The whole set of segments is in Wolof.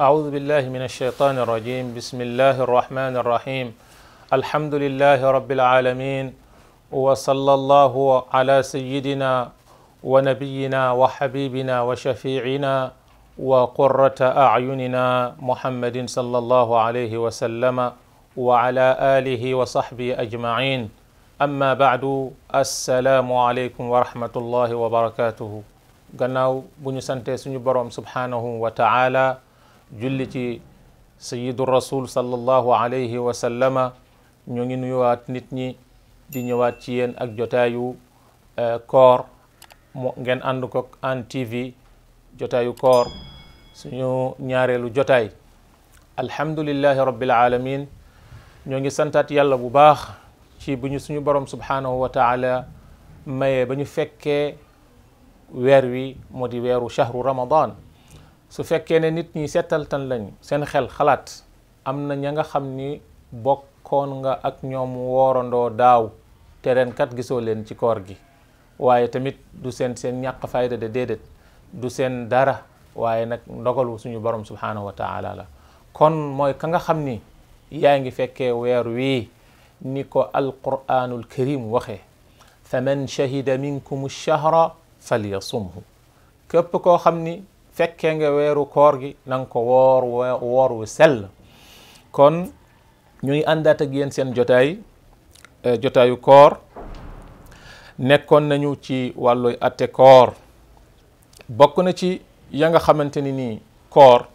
أعوذ بالله من الشيطان الرجيم بسم الله الرحمن الرحيم الحمد لله رب العالمين وصلى الله على سيدنا ونبينا وحبيبنا وشفيعنا وقرة أعيننا محمد صلى الله عليه وسلم وعلى آله وصحبه أجمعين أما بعد السلام عليكم ورحمة الله وبركاته gannaaw بني سنتي santee سبحانه وتعالى julli ci sayyidu rasul sallallahu alayhi wa sallama ñoo ngi nuyuwaat nit ñi di ñëwaat ci yéen ak jotaayu koor mu ngeen ànd ko Hann TV jotaayu koor suñu ñaareelu jotaay alhamdulillahi rabbil alamin ñoo ngi santaat yàlla bu baax ci bu ñu suñu borom subhaanahu wa taala mayee ba ñu fekkee weer wi moo di weeru shahru ramadan su fekkee ne nit ñi tan lañ seen xel xalaat am na ña nga xam ni bokkoon nga ak ñoom woorandoo daaw te ren kat gisoo leen ci koor gi waaye tamit du seen seen ñàkk fayda de déedéet du seen dara waaye nag ndogalu suñu borom subhanahu wa taala la kon mooy ka nga xam ni yaa ngi fekkee weer wii ni ko alquranul karim waxee faman shahida minkum ash-shahra falyasumhu képp koo xam ni fekkee nga weeru koor gi na ko woor woor wu sell kon ñu ngi àndaat ak yéen seen jotaay eh, jotaayu koor nekkoon nañu ci wàllu atte koor bokk na ci ya nga xamante ni nii koor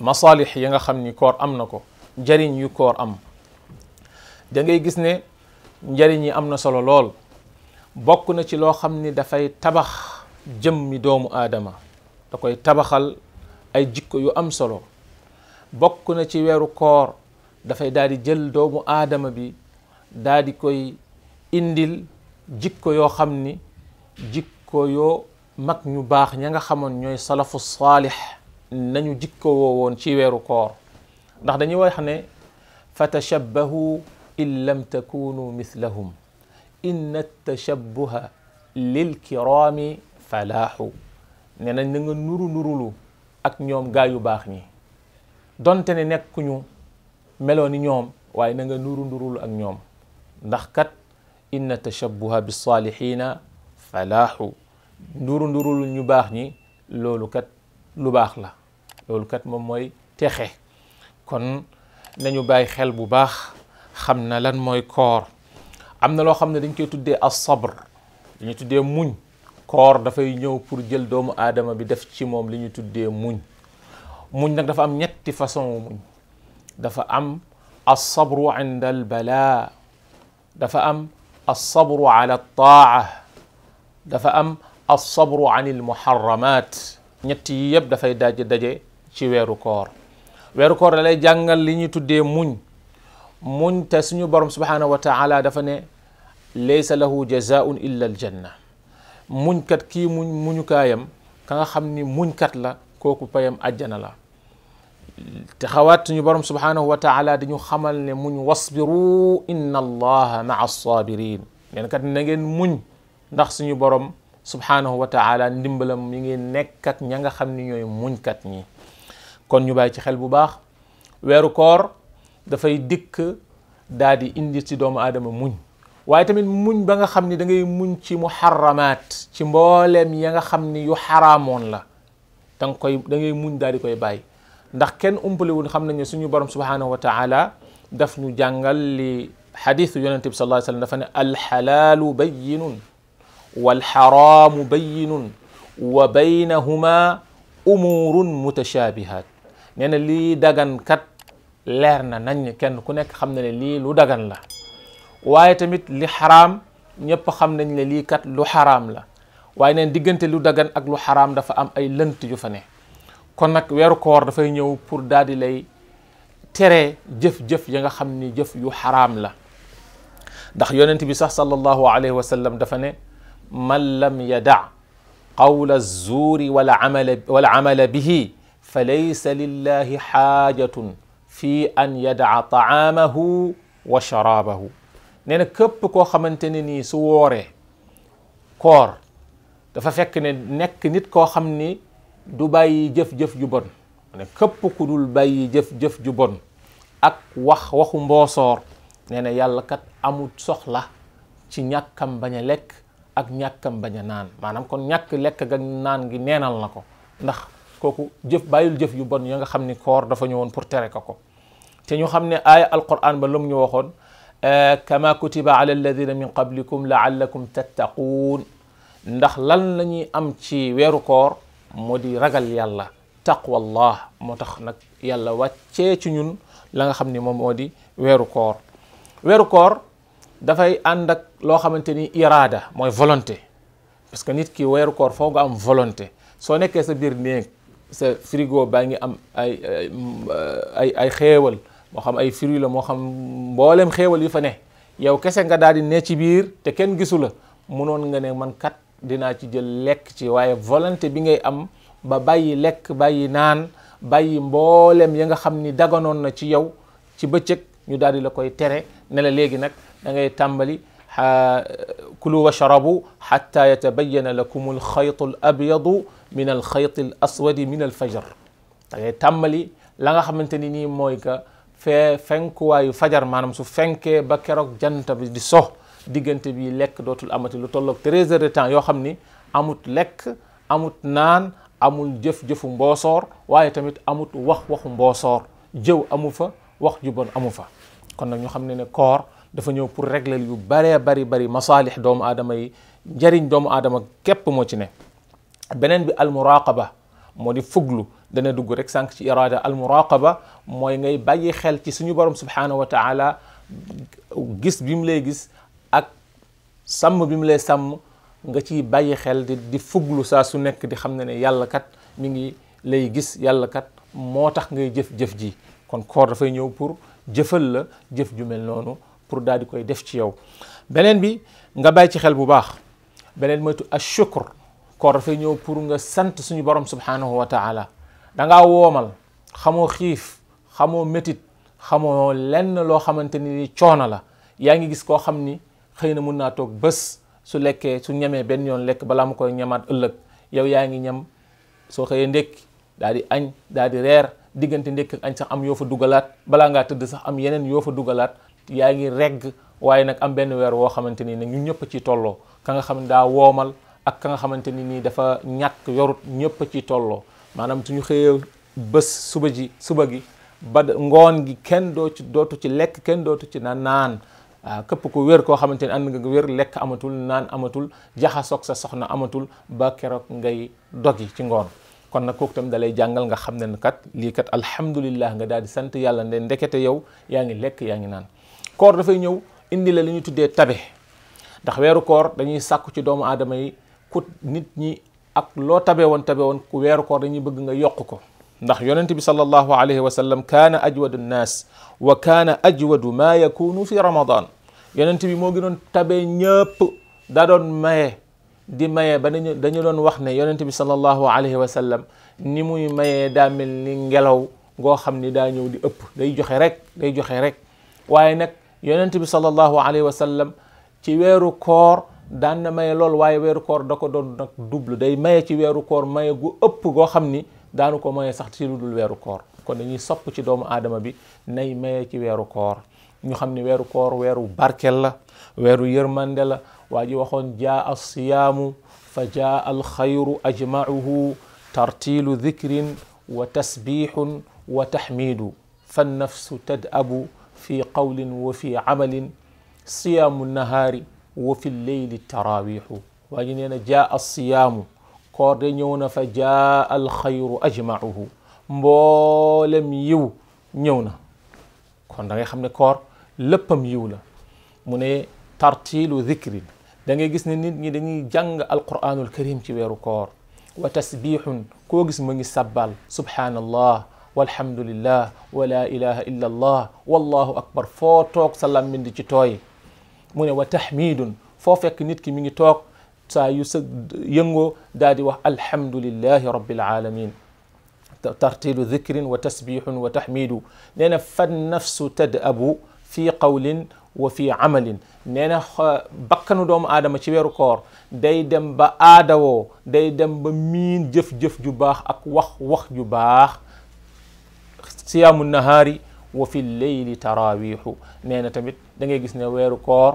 masalix ya nga xam ni koor am na ko njariñ yu koor am dangay gis ne njariñ yi am na solo lool bokk na ci loo xam ni dafay tabax jëmmi doomu aadama da koy tabaxal ay jikko yu am solo bokk na ci weeru koor dafay daal jël doomu aadama bi daadi koy indil jikko yoo xam ni jikko yoo mag ñu baax ña nga xamoon ñooy salafu saalix nañu jikko woo ci weeru koor ndax dañuy wax ne fa tashabbahu in lam takunu mislahum inna tashabbuha lilkiraami falaaxu nee nañ na nga nuru nurulu ak ñoom gaa yu baax ñi donte ne nekkuñu meloo ni ñoom waaye na nga nuru nurulu ak ñoom ndax kat inna tashabbuha bi saalihiina nuru nurulu ñu baax ñi loolu kat lu baax la loolu kat moom mooy texe kon nañu bàyyi xel bu baax xam na lan mooy koor am na loo xam ne dañ koy tuddee as dañu tuddee muñ koor dafay ñëw pour jël doomu aadama bi def ci moom li ñu tuddee muñ muñ nag dafa am ñetti façon muñ dafa am alsabru inda albala dafa am alsabru ala altaa dafa am alsabru an almuharramat ñetti yi yëpp dafay daje daje ci weeru koor weeru koor da lay jàngal li ñuy tuddee muñ muñ te suñu borom subhanahu wa taala dafa ne laysa lahu jazaun illa aljanna muñkat ki muñ kayam ka nga xamni ni muñkat la koku payam aljana la te xawat ñu borom subhanahu wa taala di ñu xamal ne muñ wasbiru inna allaha maa sabirin neen kat na ngeen muñ ndax suñu borom subhanahu wa taala ndimbalam mi ngi nek ak ña nga xamni ñoy muñ kat ñi kon ñu bay ci xel bu baax wéru koor dafay dikk daa di indi ci doomu aadama muñ waaye tamit muñ ba nga xam ni da ngay muñ ci mu muharramaat ci mboolem ya nga xam ni yu xaraamoon la da nga koy da muñ daal di koy bàyyi ndax kenn umpalewul xam nañ ne suñu borom subhanahu wa taala daf ñu jàngal li xadiisu yonente bi sallallahu alayhi wa sallam dafa ne alxalaalu bayyinun walxaraamu bayyinun wa baynahuma umurun mutashaabihaat nee na lii dagan kat leer na nañ kenn ku nekk xam na ne lu dagan la waaye tamit li xaraam ñëpp xam nañ le lii kat lu xaraam la waaye neen diggante lu dagan ak lu xaraam dafa am ay lënt yu fa ne kon nag weeru koor dafay ñëw pour daal di lay tere jëf-jëf ya nga xam ni jëf yu xaraam la ndax yonent bi sax sallallahu alayhi wa sallam dafa ne man lam yada qawla zuuri wala amala wala amala bihi فليس لله حاجة في أن يدع طعامه وشرابه nee na képp koo xamante ne nii su wooree koor dafa fekk ne nekk nit koo xam ni du bàyyi jëf-jëf ju bon ne képp ku dul bàyyi jëf-jëf ju bon ak wax waxu mboosoor nee na yàlla kat amul soxla ci ñàkkam bañ a lekk ak ñàkkam bañ a naan maanaam kon ñàkk lekk ga naan gi neenal na ko ndax kooku jëf bàyyil jëf yu bon ya nga xam ni koor dafa ñëwoon pour tere ko ko te ñu xam ne aaya alquran ba lu mu ñu waxoon آه، كما كتب على الذين من قبلكم لعلكم تتقون ندخ لان لاني امتي ويرو كور مودي رجل يلا تقوى الله متخنك يلا واتشي تشنون لان خمني مودي ويرو كور ويرو كور دا فاي عندك لو خامتيني اراده موي فولونتي باسكو نيت كي ويرو كور فوغ ام فولونتي سو نيك سا بير نيك سا فريغو باغي ام اي اي اي, أي خيول mo xam ay fruits la mo xam mbollem xewal yu fa ne yow kesse nga daal di ne ci bir te ken gisula munon nga ne man kat dina ci jël lek ci waye volonté bi ngay am ba bàyyi lek bàyyi nan bàyyi mbollem ya nga xam ni daganoon na ci yow ci beccëk ñu daal di la koy tere ne la légui nak da ngay tàmbali ha kulu wa sharabu hatta yatabayyana lakum al-khayt al abyad min al-khayt al aswad min al-fajr da ngay tàmbali la nga xamanteni ni moy ka fee fenkuwaayu fajar manam su fenkee ba janta jant bi di sox diggante bi lekk dootul amati lu tolloog treize heures de temps yoo xam amut lek amut nan amul jëf-jëfu mboosoor waaye tamit amut wax waxu mboosoor jëw amufa fa wax ju bon amu fa kon nag ñu xam ne ne koor dafa ñëw pour régler yu baree bari bari masaalix doomu aadama yi doomu aadama képp moo ci ne beneen bi almuraqaba modi fuglu dana dugg rek sank ci irada al muraqaba moy ngay bàyyi xel ci suñu borom subhanahu wa taala gis bim lay gis ak sam bim lay sam nga ci bàyyi xel di di fuglu sa su nek di xamne ne yàlla kat mi ngi lay gis yàlla kat motax ngay jëf-jëf ji kon koor fay ñëw pour jëfal la jëf ju mel nonu pour dal di koy def ci yow benen bi nga bàyyi ci xel bu baax benen moytu ashukr Korfinyo purunga pour nga sante suñu borom subhanahu wa taala da nga womal xamoo xif xamoo metit xamoo lenn lo xamanteni ni choona la ya nga gis ko xamni xeyna xëy na mun naa su lekke su ñame ben yon lek bala mu koy ñamaat ëlëk yow ya nga ñam so xëyee ndek daal di añ daal di reer ak sax am yo fa dugalat bala nga sax am yenen yo fa dugalat ya nga reg waye nak am ben wër wo xamanteni ni ñun ñëpp ci tollo ka nga xamni da womal ak ka nga xamante ni nii dafa ñàkk yorut ñëpp ci tolloo maanaam suñu xëyee bés suba ji suba gi ba ngoon gi kenn doo ci dootu ci lekk kenn dootu ci na naan waaw ah, képp ku wér koo xamante ni ànd nga wér lekk amatul naan amatul jaxasoog sa soxna amatul ba keroog ngay yi ci ngoon kon nag kooku tamit dalay jàngal nga xam ne kat lii kat alhamdulillah nga daal di sant yàlla nde ndekete yow yaa ngi lekk yaa ngi naan koor dafay ñëw indi la li tuddee tabe ndax weeru ku nit ñi ak loo tabe woon tabe woon ku weeru koor dañuy bëgg nga yokk ko ndax yonent bi sallallahu alayhi wa sallam kaana ajwadu nnaas wa kaana ajwadu maa yakunu fi ramadan yonent bi moo gënoon tabe ñëpp daa doon maye di maye ba dañu dañu doon wax ne yonent bi sallallahu alayhi wa sallam ni muy mayee daa mel ni ngelaw ngoo xam ni daa ñëw di ëpp day joxe rek day joxe rek waaye nag yonent bi sallallahu alayhi wa sallam ci weeru koor daan na maye lool waaye weeru koor da ko doon nag double day maye ci weeru koor maye gu ëpp goo xam ni daanu ko maye sax ci lu dul weeru koor kon dañuy sopp ci doomu aadama bi nay maye ci weeru koor ñu xam ni weeru koor weeru barkel la weeru yërmande la waa ji waxoon jaa alsiyaamu fa jaa alxayru ajmauhu tartiilu dikrin wa tasbixun wa taxmiidu fannafsu tadabu fi qawlin wa fi amalin siyaamu nahaari وفي الليل التراويح واجنين جاء الصيام كوردنيون فجاء الخير أجمعه مبولم يو نيونا كون داغي خامني كور لبم يو لا موني ترتيل ذكر داغي غيس نيت ني داغي جانغ القران الكريم تي ويرو كور وتسبيح كو غيس مغي سبال سبحان الله والحمد لله ولا اله الا الله والله اكبر فوتوك سلام من دي تي توي mu ne wa tahmidun foo fekk nit ki mi ngi toog saa yu sa yëngoo daal di wax alhamdulillahi rabbil alamin tartilu dhikrin wa tasbihun wa tahmidu nee na fan nafsu tadabu fi qawlin wa fi amalin nee na bakkanu doomu aadama ci weeru koor day dem ba aadawoo day dem ba miin jëf-jëf ju baax ak wax wax ju baax siyaamu nahaari وفي الليل تراويح نينا تاميت داغي غيس ني ويرو كور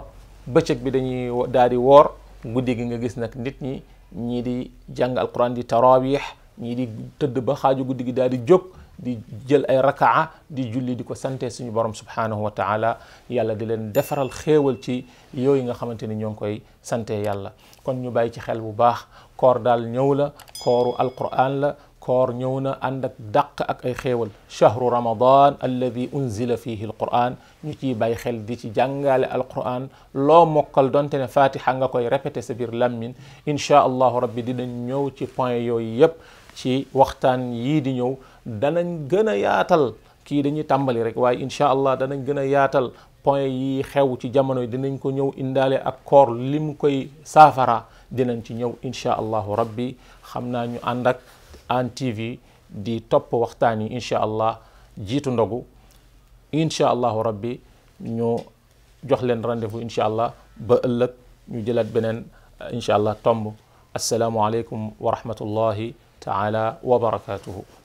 بيتيك بي داني دادي وور غودي غيغا غيس نك نيت ني ني دي جانغ القران دي تراويح ني دي تد با خاجو غودي دادي جوك دي جيل اي ركعه دي جولي ديكو سانتي سوني بروم سبحانه وتعالى يالا دي لن ديفرال خيوول تي يويغا خامتيني نيونكاي سانتي يالا كون ني باي تي خيل بو باخ كور دال نيولا كورو القران لا كور نيونا عندك دق اك اي خيول شهر رمضان الذي انزل فيه القران نتي باي خيل دي تي جانغال القران لو موكال دونت فاتحه nga koy répéter ce bir lamin ان شاء الله ربي دينا نيو تي بوين يوي ييب تي وقتان يي دي نيو دانا غنا ياتال كي دي ني تامبالي ريك واي ان شاء الله دانا غنا ياتال بوين يي خيو تي جامانو دي نين كو نيو اندالي اك كور ليم كوي سافارا دينا تي نيو ان شاء الله ربي خمنا ني اندك Hann TV di topp waxtaan yi incha allah jiitu ndogu incha allah rabbi ñu jox leen rendez-vous incha allah ba ëllëg ñu jëlaat beneen incha allah tomb asalaamualeykum wa rahmatullahi taala wa